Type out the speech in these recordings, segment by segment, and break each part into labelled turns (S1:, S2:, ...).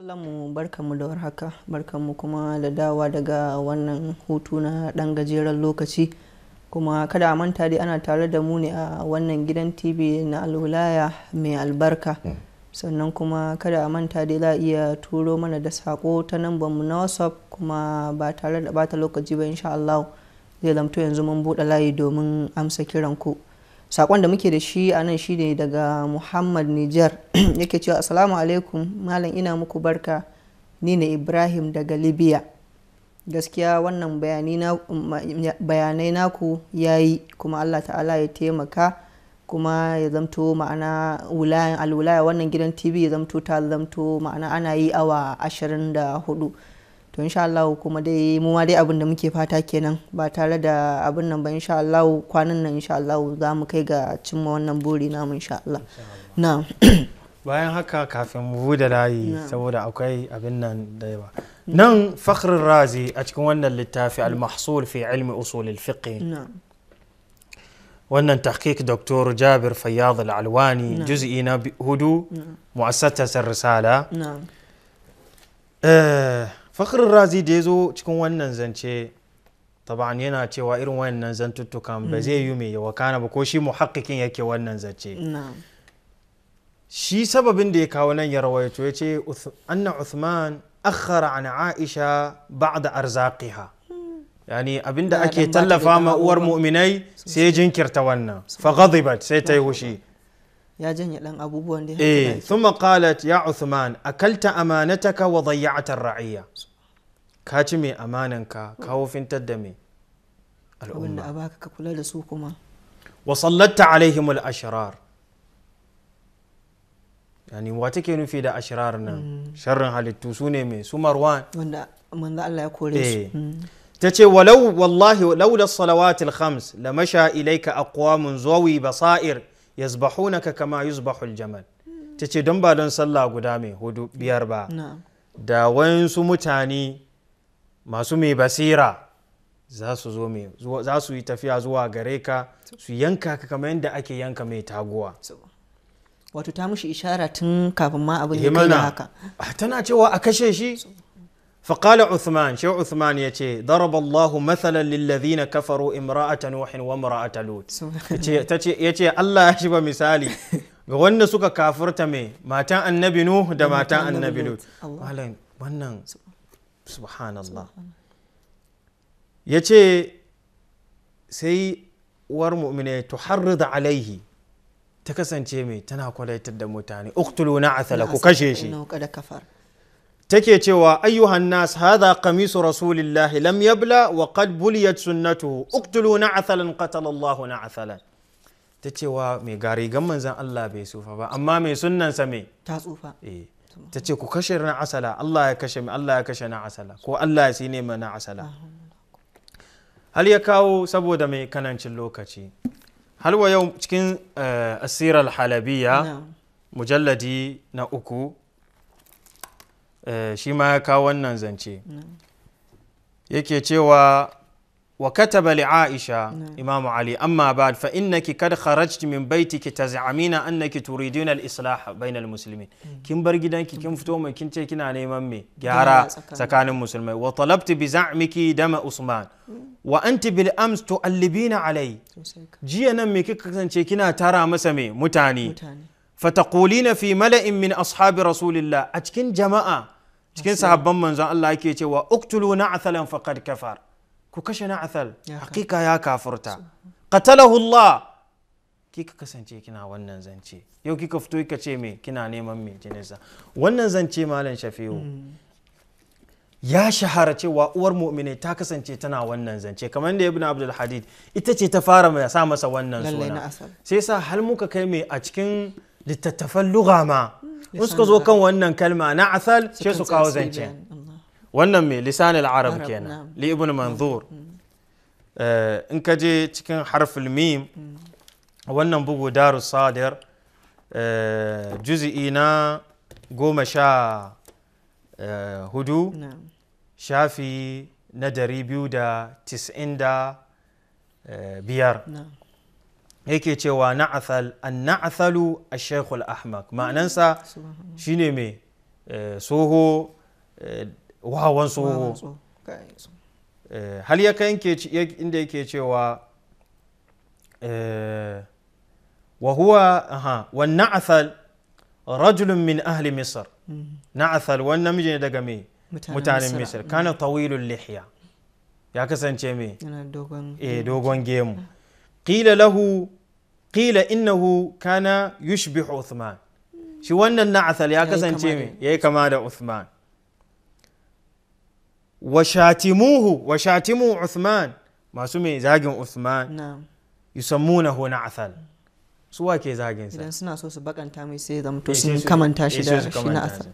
S1: kallonmu barkanmu da warhaka barkanmu kuma da dawa daga wannan hutu na ɗan gajeren lokaci kuma kada a manta dai ana tare da mu ne a wannan gidan tv na alwulaya mai albarka hmm. sannan kuma kada a manta dai za a iya turo mana da sako ta nan mu na whatsapp kuma ba tare da bata lokaci ba insha Allah zai lamto yanzu mun buɗe layi domin amsa kiran ku. sakon da muke da shi a nan shi ne daga muhammad nijar yake cewa assalamu alaikum malam ina muku barka ni ne ibrahim daga libya gaskiya wannan bayanai naku ya yi kuma allah ta'ala ya taimaka kuma ya zamto ma'ana alwulaya wannan gidan tv ya zamto ta zamto ma'ana ana yi awa 24 to insha Allah kuma dai mu ma dai abin da muke fata kenan ba tare da abin nan ba insha Allah kwanan nan insha Allah za mu kai ga cimma wannan buri namu insha Allah na
S2: bayan haka kafin mu bude layi saboda akwai abin nan da yawa nan fakhrin razi a cikin wannan littafi al-mahsul fi ilmi usul al-fiqh wannan tahqiq doktor jabir fayyad al-alwani juz'i na hudu mu'assasat ar risala eh fakhar razi da ya zo cikin wannan zance taban yana cewa irin wannan zantuttukan ba hmm. zai yi mai yawa kana ba ko shi muhakkikin yake wannan zance shi sababin da ya kawo nan ya rawaito ya ce anna uthman akhara an aisha ba'da arzaqiha hmm. yani abinda ake tallafa ma uwar mu'minai sai jinkirta wannan fa ghadibat sai ta yi hushi
S1: ya janye dan abubuwan da ya eh
S2: thumma qalat ya uthman akalta amanataka wa dhayya'ta ar-ra'iyya ka ci mai amananka ka wofintar da mai al'umma a baka ka kula da su kuma alaihim yani wa take nufi da ashrar nan mm. sharrin halittu su ne mai su marwan wanda
S1: manzo Allah ya kore su eh. mm.
S2: ta ce walau wallahi walau da salawatil khams la masha ilayka aqwamun zawi basair yazbahunaka kama yuzbahu al-jamal ta ce don ba don sallah guda mai hudu biyar ba da wayansu mutane masu mai basira za su zo za su yi tafiya zuwa gare ka su yanka ka kamar yadda ake yanka mai taguwa wato ta mushi ishara tun kafin ma abin ya eh, kai haka ah, tana cewa a kashe shi فقال عثمان شو عثمان يتي ضرب الله مثلا للذين كفروا امرأة نوح وامرأة لوط يتي الله shiba misali ga wanda suka kafurta mai matan annabi nuh da matan annabi lut wannan subhanallah ya ce sai uwar mu'mina da alaihi ta kasance mai tana kwalaitar da mutane uktulu na athala ku kashe shi take cewa ayyuhan nas hadha qamisu rasulillahi lam yabla wa qad buliyat sunnatuhu uktulu na athalan qatala Allah na athalan ta cewa mai garigan manzan Allah bai sufa ba amma mai sunnansa mai ta tsufa eh. ta ce ku kashe na asala Allah ya kashe Allah ya kashe na asala ko Allah ya sine na asala hal ya kawo saboda mai kanancin lokaci halwa yau cikin eh, asirar halabiya mujalladi na uku eh, shi ma ya kawo wannan zance yake cewa وكتب لعائشة نعم. إمام علي أما بعد فإنك قد خرجت من بيتك تزعمين أنك تريدين الإصلاح بين المسلمين كم برجدانك كم فتوما كنت كنا نيمان مي جارا سكان المسلمين وطلبت بزعمك دم عثمان وأنت بالأمس تؤلبين علي جي نمي كنا ترى مسمي متاني فتقولين في ملأ من أصحاب رسول الله أتكن جماعة أتكن صحابا من الله كيتي وأقتلوا نعثلا فقد كفر ku kashe na athal hakika ya kafurta qatalahu Allah kika kasance kina wannan zance yau kika fito kika ce me kina neman me jininsa wannan zance malam shafi'u hmm. ya shahara cewa uwar mu'mine ta kasance tana wannan zance kamar da ibn abdul hadid ita ce ta fara sa masa wannan suna sai sa hal muka kai mai a cikin littattafan lugama hmm. in suka zo kan wannan kalma na athal sai su kawo zancen wannan mai lisanin arab kenan li ibn manzur mm, mm. Eh, in ka je cikin harful mim mm. wannan bugu daru sadar eh, juzi'i na goma sha eh, hudu shafi na dari biyu da tis'in da biyar yake cewa na'athal an na'athalu a shekul ahmad ma'anansa shine mai soho wawan tsoho eh, hal ya kai inda yake cewa eh, wa huwa aha wan rajulun min ahli misr mm-hmm. na'athal wani namiji ne daga me mutanen misr kana tawilul lihiya ya kasance me eh, dogon gemu mm. qila lahu qila innahu kana yushbihu uthman mm. shi wannan na'athal ya kasance me yayi kama da uthman wa shatimuhu wa shatimu Uthman masu mai zagin Uthman yusammuna hu na asal suwa ke zagin sa idan suna so su bakanta mai sai
S1: zamto sun kamanta shi da shi na asal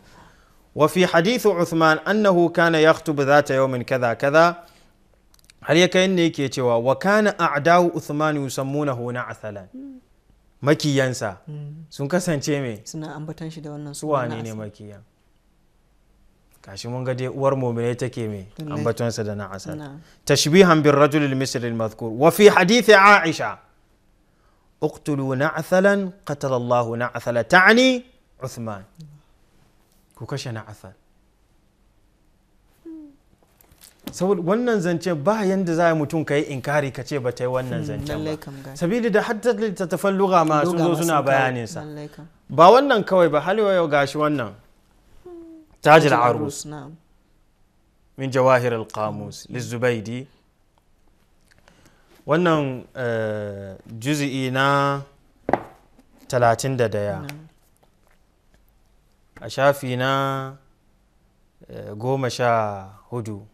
S2: wa fi hadithu Uthman annahu kana yaktubu zata yawmin kaza kaza har ya kai ne yake cewa wa kana a'dawu Uthman yusammuna hu na'athalan makiyansa sun kasance mai
S1: suna ambatan shi da wannan
S2: su wane ne makiyan kashi mun ga dai uwar mu'mine take me ambatonsa da na tashbihan bir rajul al misri al madhkur wa fi hadith aisha اقتلوا na قتل الله نعثلا تعني عثمان كوكش نعثل saboda wannan zance ba yanda za mutum ka yi inkari ka ce ba ta yi wannan hmm, zancen ba sabili da hatta littattafan luga masu zo suna bayaninsa ba wannan kawai ba halewa yau gashi wannan تاج العروس نعم من جواهر القاموس للزبيدي wannan juzi'i na 31 a shafi na goma sha hudu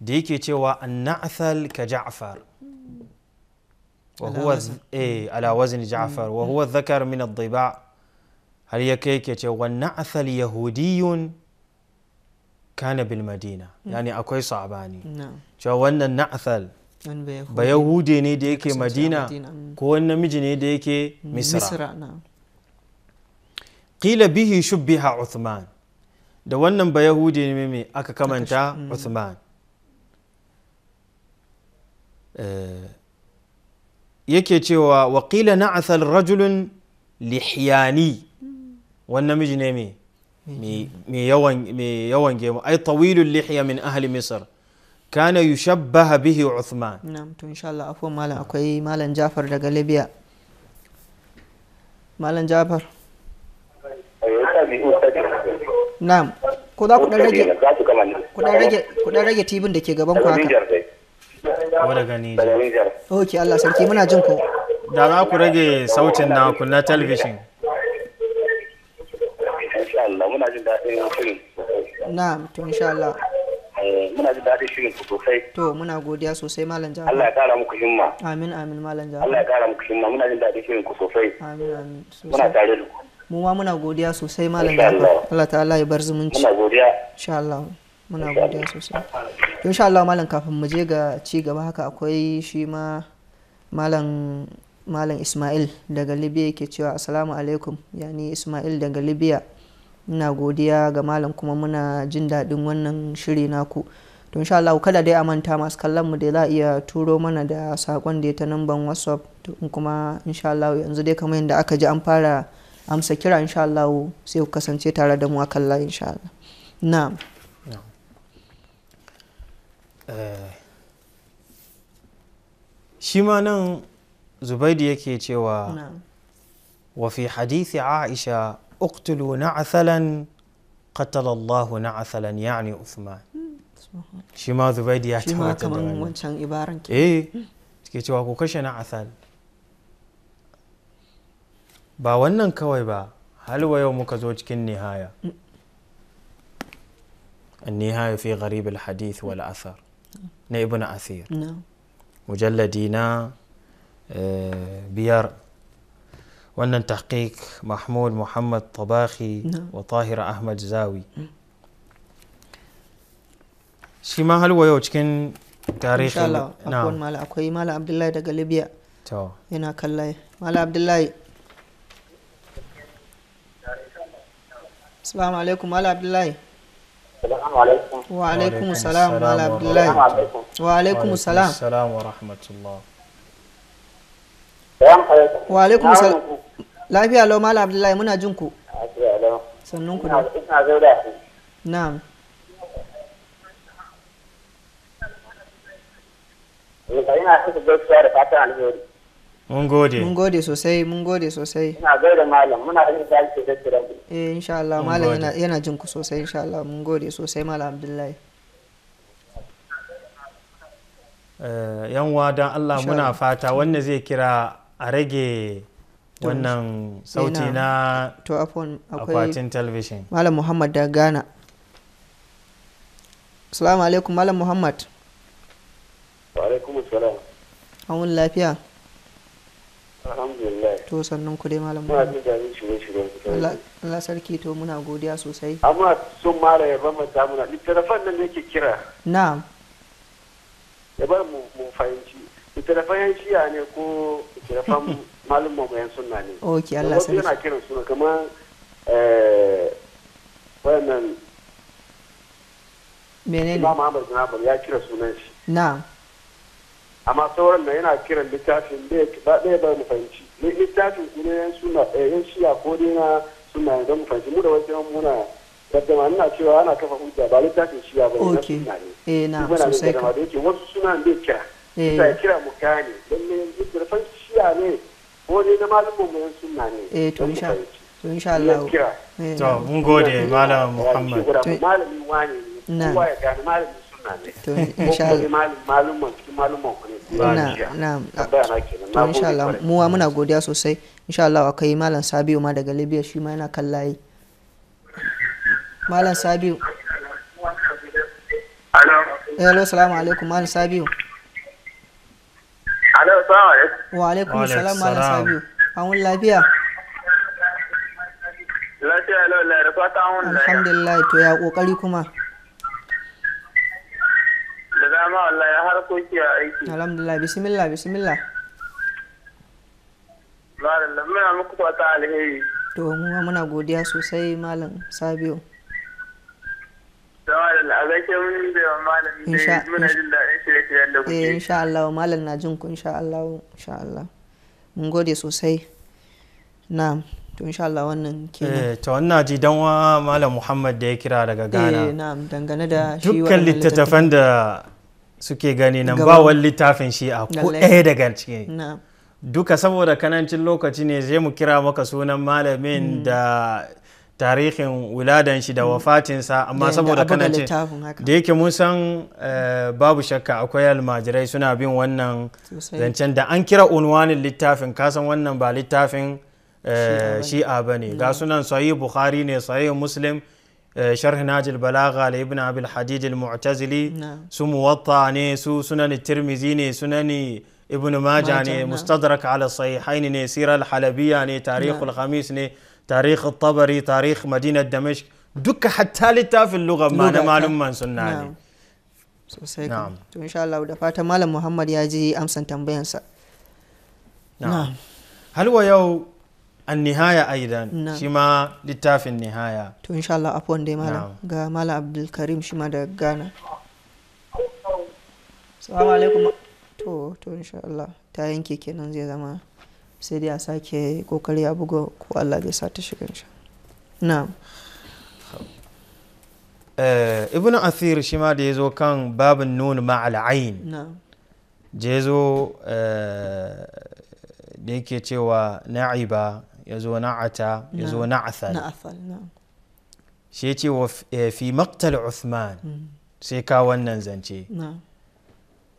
S2: da yake cewa anna'athal ka ja'far wa huwa ala ja'far wa zakar min ad-diba' har ya kai ke ce wannan asal yahudiyun kana bil madina mm. yani akwai sabani cewa wannan na'athal ba yahudi ne da yake madina mm. ko wani namiji ne da yake mm. misra qila bihi shubbiha uthman da wannan ba yahudi ne mai aka kamanta uthman eh, yake cewa wa na asal rajulun lihiyani wani namiji ne mai yawan gemu ai tawilul lihiya min ahli misr kana yushabbaha bihi uthman
S1: na'am to insha Allah afwan malam akwai malam Jafar daga Libya malam Jafar na'am ko za ku dan rage
S2: ku dan rage ku
S1: dan rage tibin da ke gaban ku
S2: haka wada gani okay Allah sarki muna jin ku da za ku rage sautin na ku na talabishin
S3: jin daɗin shirin na'am to insha Allah eh, muna jin daɗin shirin ku sosai
S1: to muna godiya sosai malam jama'a Allah ya kara muku himma amin amin malam jama'a Allah ya kara
S3: muku himma muna jin daɗin shirin ku sosai amin amin muna tare da ku
S1: mu ma muna godiya sosai malam jama'a Allah ta'ala ya bar zumunci muna godiya insha Allah muna godiya sosai to insha Allah malam kafin mu je ga ci gaba haka akwai shi ma malam malam Ismail daga Libya yake cewa assalamu alaikum yani Ismail daga Libya ina godiya ga malam kuma muna jin daɗin wannan shiri naku to insha Allah kada dai a manta masu kallon mu da za iya turo mana da sakon da ta namban whatsapp to kuma insha Allah yanzu dai kamar yadda aka ji an fara amsa kira insha Allah sai ku kasance tare da mu a kalla insha Allah na'am
S2: eh, shi ma nan zubaidu yake cewa wafi fi hadithi aisha اقتلوا نعثلا قتل الله نعثلا يعني عثمان شي ما زبيد يا شي ما كمان
S1: وانشان إبارن كي
S2: إيه تكي تواكو كش نعثل با ونن كوي با هل هو يوم كزوج النهاية النهاية في غريب الحديث والأثر نيبنا أثير نعم مجلدينا آه، بيار ونن تحقيق محمود محمد طباخي نعم. وطاهرة أحمد زاوي شي ما هل ويوج كن تاريخ إن شاء الله أكون نعم.
S1: مال أكوي مال عبد الله دا قلبيا تو هنا كلاي مال عبد الله السلام عليكم مال عبد الله وعليكم السلام مال عبد الله وعليكم السلام
S2: السلام ورحمة الله
S1: وعليكم السلام نعم. lafiya lau malam abdullahi muna jin ku sannun ku na eh, mun gode mun gode sosai mun gode sosai
S4: ina gaida malam muna jin dace da kira
S1: eh insha Allah malam yana yana jin ku sosai insha Allah mun gode sosai malam abdullahi
S2: eh, yan dan Allah muna fata wanda zai kira a rage wannan sauti na akwatin television
S1: malam muhammad da ghana salamu alaikum malam muhammad
S4: wa alaikum salam
S1: an wani lafiya
S4: alhamdulillah
S1: to sannan ku dai malam muhammad Allah sarki to muna godiya sosai amma
S4: sun mara ya bambanta muna littattafan nan yake kira na. ya mu fahimci littattafan yan shiya ne ko littattafan malin mamayan suna ne ok Allah sani yana kiran suna kamar eh, wannan menene imam ahmad bin hanbal ya kira sunan shi na'am amma sauran na yana kiran littafin da ba ɗaya ba mu fahimci littafin kuma yan suna eh, yan shiya ko dai na suna don mu fahimci mu da wasu yan muna kaddama ina cewa ana kafa hujja ba littafin shiya ba ne na suna ne
S1: eh na sosai ka
S4: wasu suna ne kira Eh. ina kira mu gane don ne yanzu zurfan shiya ne ko ne na malumin mu ne eh to insha
S1: to insha Allah
S2: eh. to mun gode malam
S1: Muhammad to
S4: malamin wani ne ya gane malamin sunna ne to insha Allah malumin malumin ku ne to insha Allah
S1: mu muna godiya sosai insha Allah akai malam Sabiu ma daga Libya shi ma yana kallaye malam Sabiu eh, Hello, salamu alaikum, malam Sabiu.
S3: assalamu alaikum wa alaikum assalam ala sabiu
S1: an lafiya
S3: da fata alhamdulillah to
S1: ya kokari kuma
S3: da dama har koki a aiki
S1: alhamdulillah bismillah bismillah
S3: muku fata alheri
S1: to muna godiya sosai malam sabiu
S3: Allah a zakin da malami dai muna jin daɗin shirye-shiryen da kuke. Eh, insha
S1: Allah malam na jin ku insha Allah insha Allah. Mun gode sosai. Na'am. to insha Allah wannan kenan eh
S2: to wannan ji dan wa malam Muhammad da ya kira daga Ghana eh
S1: na'am dangane da shi dukkan littattafan
S2: da suke gani nan ba wani littafin shi a ko ɗaya daga ciki na'am duka saboda kanancin lokaci ne zai mu kira maka sunan malamin hmm. da tarihin wuladan shi da mm. wafatinsa amma saboda kana ce da yake mun san eh, babu shakka akwai almajirai suna bin wannan zancen da an kira unwanin littafin kasan wannan ba littafin eh, shi'a ba ne ga mm. sunan sahih bukhari ne sahih muslim eh, sharh najil balaga da ibn abil hadid al-mu'tazili su muwatta ne su sunan tirmizi ne sunan ibn maja ne mustadrak ala sahihain ne sirar halabiya ne tarihul khamis ne tarihi tabari tarihi madinar damashq duka hatta littafin lugar ma na malumman sunna ne
S1: sosai kan to insha Allah malam Muhammad ya ji amsan tambayansa
S2: na'am halwa yau an nihaya aidan shi ma littafin nihaya to insha
S1: Allah malam ga malam Abdul Karim shi ma daga to to ta yanke kenan zai zama sai dai a sake kokari a buga ko Allah zai sa ta shiga insha na
S2: eh, ibn athir shi ma da ya zo kan babin nun ma ayn da zo eh, da yake cewa na'iba ya zo na'ata ya zo na'athal shi ce wa eh, fi maktal uthman hmm. sai ka wannan zance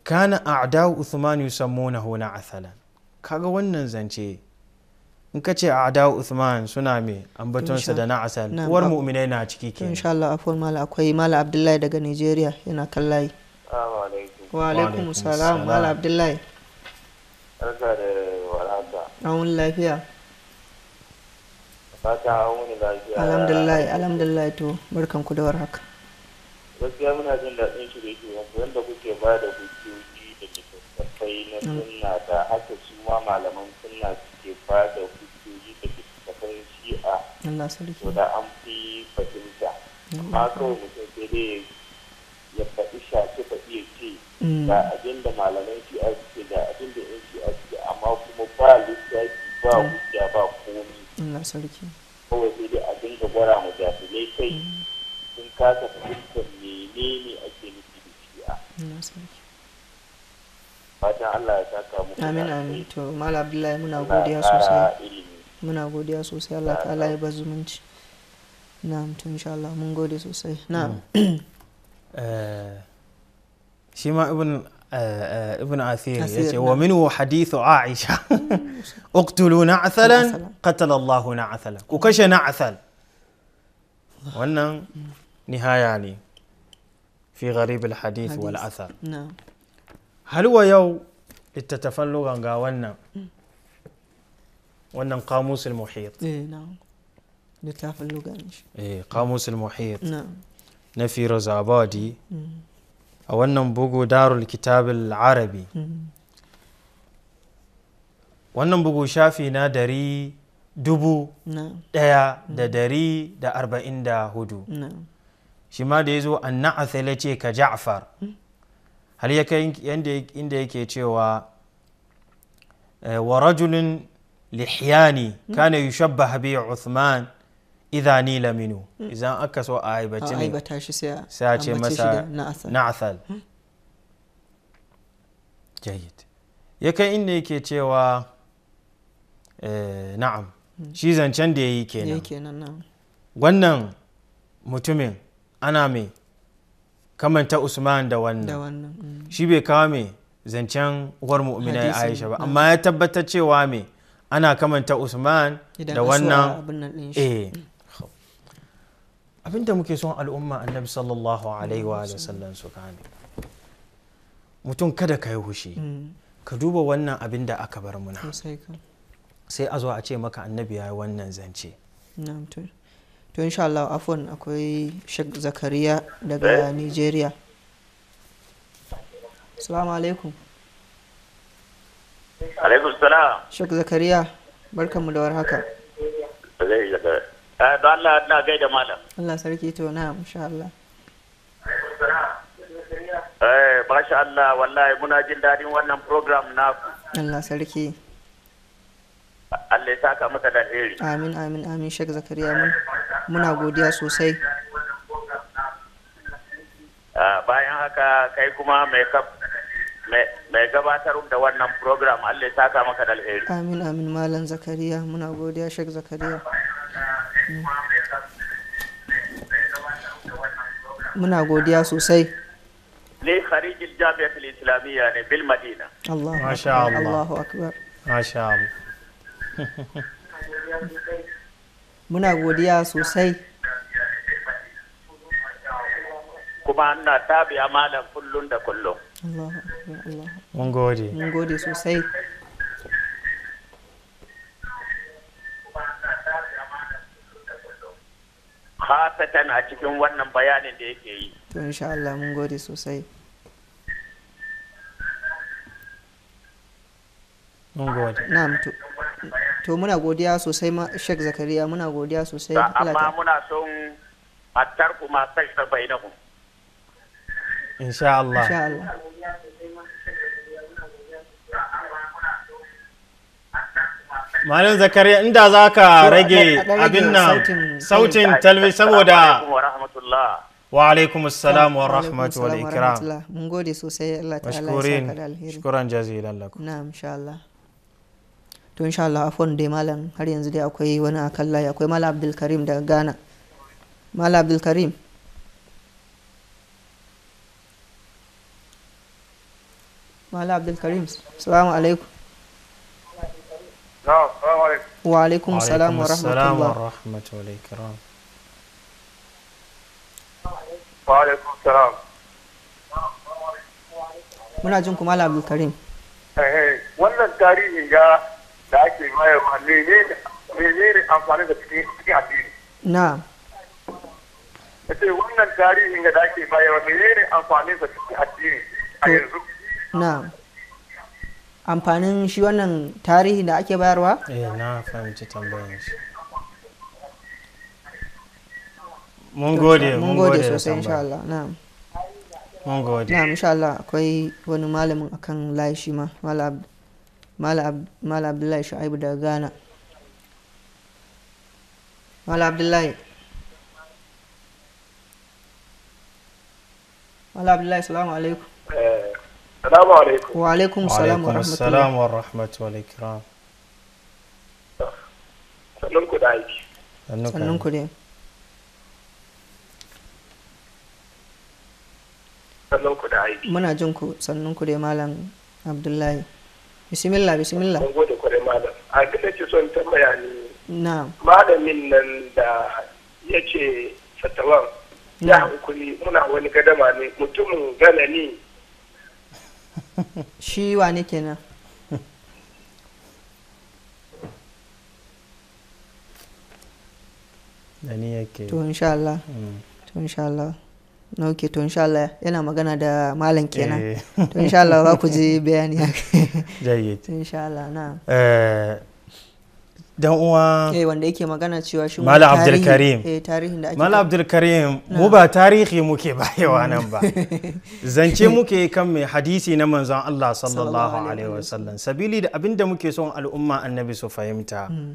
S2: kana a'da uthman yusammunahu na'athalan kaga wannan zance in ka ce adawa Uthman suna me ambatonsa da na asal uwar mu'minai na ciki
S1: ke insha Allah afwan mala akwai mala Abdullahi daga Nigeria yana kallayi
S3: wa alaikum salam mala Abdullahi barka da a wani lafiya fata a wani lafiya alhamdulillah
S1: alhamdulillah to barkan ku da warhaka
S3: gaskiya muna jin daɗin shirye-shiryen yadda kuke ba da kuke malaman sunna suke ba da hujjoji da littattafan
S1: shi'a to da an
S3: fi fahimta mm. amma kawai mutum sai ya faɗi shafi faɗi ya ce Da mm. abin da malaman shi'a suke da abin da yan shi'a suke amma kuma ba lissafi ba mm. hujja ba komi kawai sai dai abin da gwara mu jahilai kai sun kasa fahimta amin
S1: amin to mala abdullahi muna godiya sosai muna godiya sosai Allah ta'ala ya ba zumunci na'am to insha
S2: Allah mun gode sosai na'am shi ma ibn ابن عثير ومنه حديث عائشة اقتلوا نعثلا قتل الله نعثلا وكش نعثل وانا نهاية يعني في غريب الحديث والأثر نعم هل هو يو littattafan lugan ga wannan wannan kamusul muhit eh kamusul eh, muhit na zabadi mm. a wannan bugu darul kitabul arabi mm. wannan bugu shafi na dari dubu daya mm. da dari da arba'in da hudu shi ma da ya zo an na'athila ce ka ja'far har ya kai inda yake cewa eh, wa rajulin lihiyani kana shabba bi Uthman idha nila minu hmm. idan aka so a aibace ne sai a ce masa na'athal hmm. jayyid ya kai inda yake cewa eh, na'am hmm. shi zancen da ya yi
S1: kenan
S2: wannan mutumin ana mai kamanta usman da wannan mm. shi bai kawo mai zancen uwar mu'mina aisha ba mm. amma ya tabbatar cewa me ana kamanta usman da wannan eh mm. abinda muke son al'umma annabi sallallahu alaihi wa sallam su kame mutum kada ka yi hushi ka duba wannan abin da aka bar muna sai a zo a ce maka annabi ya yi wannan zance
S1: to insha Allah afwan akwai Sheikh Zakariya daga eh? Nigeria Assalamu alaikum
S3: Alaikum salam
S1: Sheikh Zakariya barkamu da warhaka
S3: Zai zaka da Allah na gaida malam
S1: Allah sarki to na insha Allah
S3: Eh masha Allah wallahi muna jin dadin wannan program na.
S1: Allah sarki
S3: Allah ya saka masa da alheri
S1: amin amin amin Sheikh zakariya mun muna godiya sosai
S3: ah, bayan haka kai kuma mai mai gabatar da wannan program Allah ya saka maka da alheri amin amin malam
S1: zakariya muna godiya Sheikh zakariya
S3: hmm.
S1: muna godiya sosai
S3: ni kharijil jami'atul islamiyya ne bil madina Allahu
S1: akbar Allahu akbar
S2: masha Allah
S1: muna godiya sosai
S3: kuma na tabiya malam kullum da kullum mun
S1: gode mun gode sosai
S3: hafetan a cikin wannan bayanin da yake yi
S1: to insha Allah mun gode sosai mun gode na mutu to muna godiya sosai ma shek Zakariya muna godiya sosai amma
S3: muna son matar ku ma sai ta bayyana ku
S2: insha Allah insha Allah Malam Zakariya inda za ka rage abin nan sautin talbi saboda wa alaikum assalam wa rahmatu wa ikram
S1: mun gode sosai Allah ta'ala ya saka da alheri shukran jazilan lakum na'am insha Allah to insha Allah afwan dai malam har yanzu dai akwai wani a kan layi akwai malam Abdul Karim daga Ghana malam Abdul Karim malam Abdul Karim assalamu alaikum
S2: wa alaikum salam wa rahmatullah wa
S1: muna jin kuma abdul karim
S4: eh, eh, wannan tarihin ya. da ake bayarwa menene amfani da cikin addini na ya ce wannan tarihin da ake bayarwa menene amfani da cikin addini
S1: a yanzu na amfanin shi wannan tarihi da ake bayarwa?
S2: eh na fahimci tambayar shi mun gode mun gode sosai insha Allah
S1: na'am mun gode na insha Allah akwai wani malamin akan layi shi ma malam mala abdullahi shu'aibu daga ghana mala abdullahi mala abdullahi salamu alaikum eh, salamu alaikum wa alaikum
S4: salamu wa rahmatullahi salamu
S2: wa rahmatullahi wa ikram
S4: sannun da aiki
S2: sannun
S1: ne
S4: sannun da aiki
S1: muna jin ku sannun malam abdullahi bismillah bismillah mun
S4: gode kwarai malam a kada ce son ta bayani na malamin nan da ya ce fatawan ya hankuli muna wani gadama ne mutumin gana ne
S1: shi wa ne kenan
S2: da ni yake to insha Allah mm.
S1: to insha Allah ok to insha Allah yana magana da malam kenan eh. to insha Allah za ku ji bayani jayyid insha Allah na
S2: eh, dan uwa
S1: eh wanda yake magana cewa shi malam Abdul Karim eh tarihin da ake
S2: malam Abdul Karim mu ba tarihi muke bayewa nan ba
S3: zance
S2: muke kan mai hadisi na manzon Allah sallallahu alaihi wasallam sabili da abinda muke son al'umma annabi su fahimta hmm.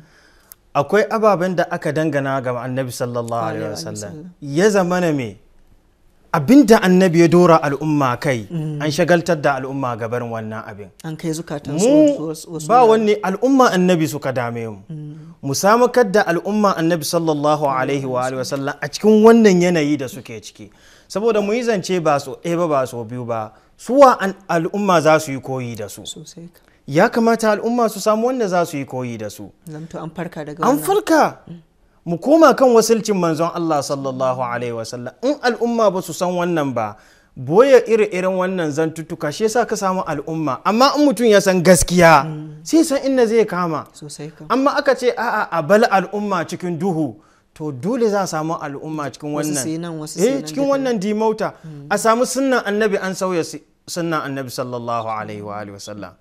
S2: akwai ababen da aka dangana ga annabi sallallahu alaihi wasallam ya zamana me abinda annabi ya dora al'umma kai mm. an shagaltar da al'umma gaban wannan abin an kai zukatan mu ba wanne al'umma annabi suka dame mu mm. mu samakar da al'umma annabi sallallahu alaihi wa alihi wasallam a cikin wannan yanayi da suke ciki saboda mu yi zance ba so ɗaya ba ba so biyu ba suwa al'umma za su yi koyi da su ya kamata al'umma su samu wanda za su yi koyi da su
S1: an farka daga an
S2: farka mm. mu koma kan wasilcin manzon Allah sallallahu alaihi wasallam in al'umma ba su san wannan ba boye iri-irin wannan zantutuka shi yasa ka samu al'umma amma in mutum ya san gaskiya mm. sai san inda zai kama amma aka ce a'a a bal al'umma cikin duhu to dole za a samu al'umma cikin wannan eh cikin wannan dimauta mm. a samu sunnan annabi an sauya sunnan annabi sallallahu alaihi wa alihi wasallam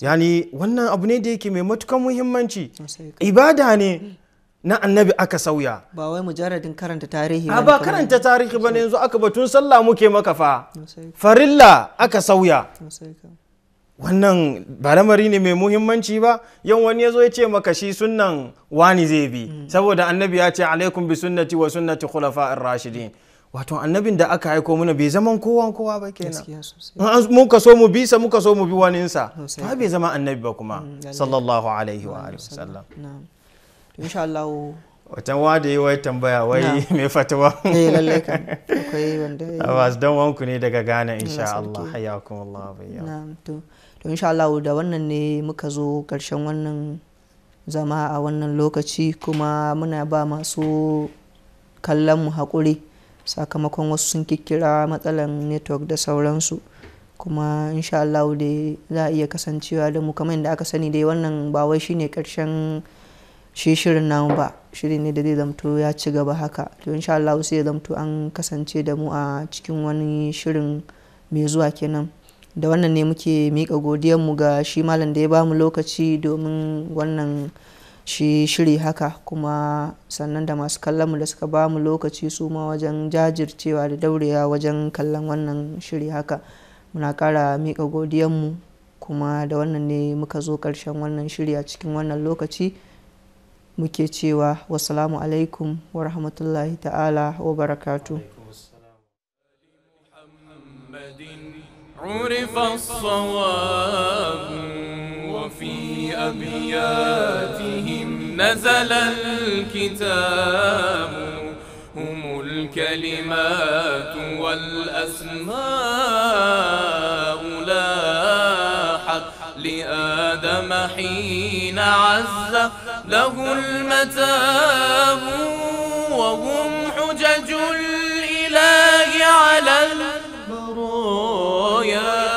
S2: yani wannan abu ne da yake mai matukan muhimmanci ibada ne mm. na annabi aka sauya
S1: ba wai mujarradin karanta tarihi ba karanta
S2: tarihi ba ne yanzu aka batun sallah muke maka fa farilla aka sauya wannan ba lamari ne mai muhimmanci ba yan wani ya zo ya ce maka shi sunnan wani zai bi mm. saboda annabi ya ce alaikum bi sunnati wa sunnati khulafa rashidin wato annabin da aka haiko muna bai zama kowa kowa ba kenan ka so mu bi mu muka so mu bi waninsa ba bai zama annabi ba kuma mm, sallallahu alaihi wa sallam insha Allah watan wa da yi wai tambaya wai mai fatawa eh lalle kan
S1: akwai wanda ya
S2: don wanku ne daga Ghana insha Allah hayyakum Allah bayya
S1: to to insha Allah da wannan ne muka zo karshen wannan zama a wannan lokaci kuma muna ba masu kallon mu hakuri sakamakon wasu sun kikkira matsalan network da sauransu kuma insha Allah da za a iya kasancewa da mu kamar yadda aka sani dai wannan ba wai shine karshen shi shirin namu ba shiri ne da zai zamto ya ci gaba haka to insha Allah sai ya zamto an kasance da mu a cikin wani shirin mai zuwa kenan da wannan ne muke miƙa mu ga shi malam da ya bamu lokaci domin wannan shi shiri haka kuma sannan da masu kallon mu da suka bamu lokaci su ma wajen jajircewa da daurewa wajen kallon wannan shiri haka muna ƙara miƙa mu kuma da wannan ne muka zo ƙarshen wannan shiri a cikin wannan lokaci muke cewa wasalamu alaikum wa rahmatullahi ta'ala wa barakatu
S2: عرف الصواب وفي أبياتهم
S3: نزل الكتاب هم الكلمات والأسماء لاحت لآدم حين عز له المتاب وهم حجج الإله على البرايا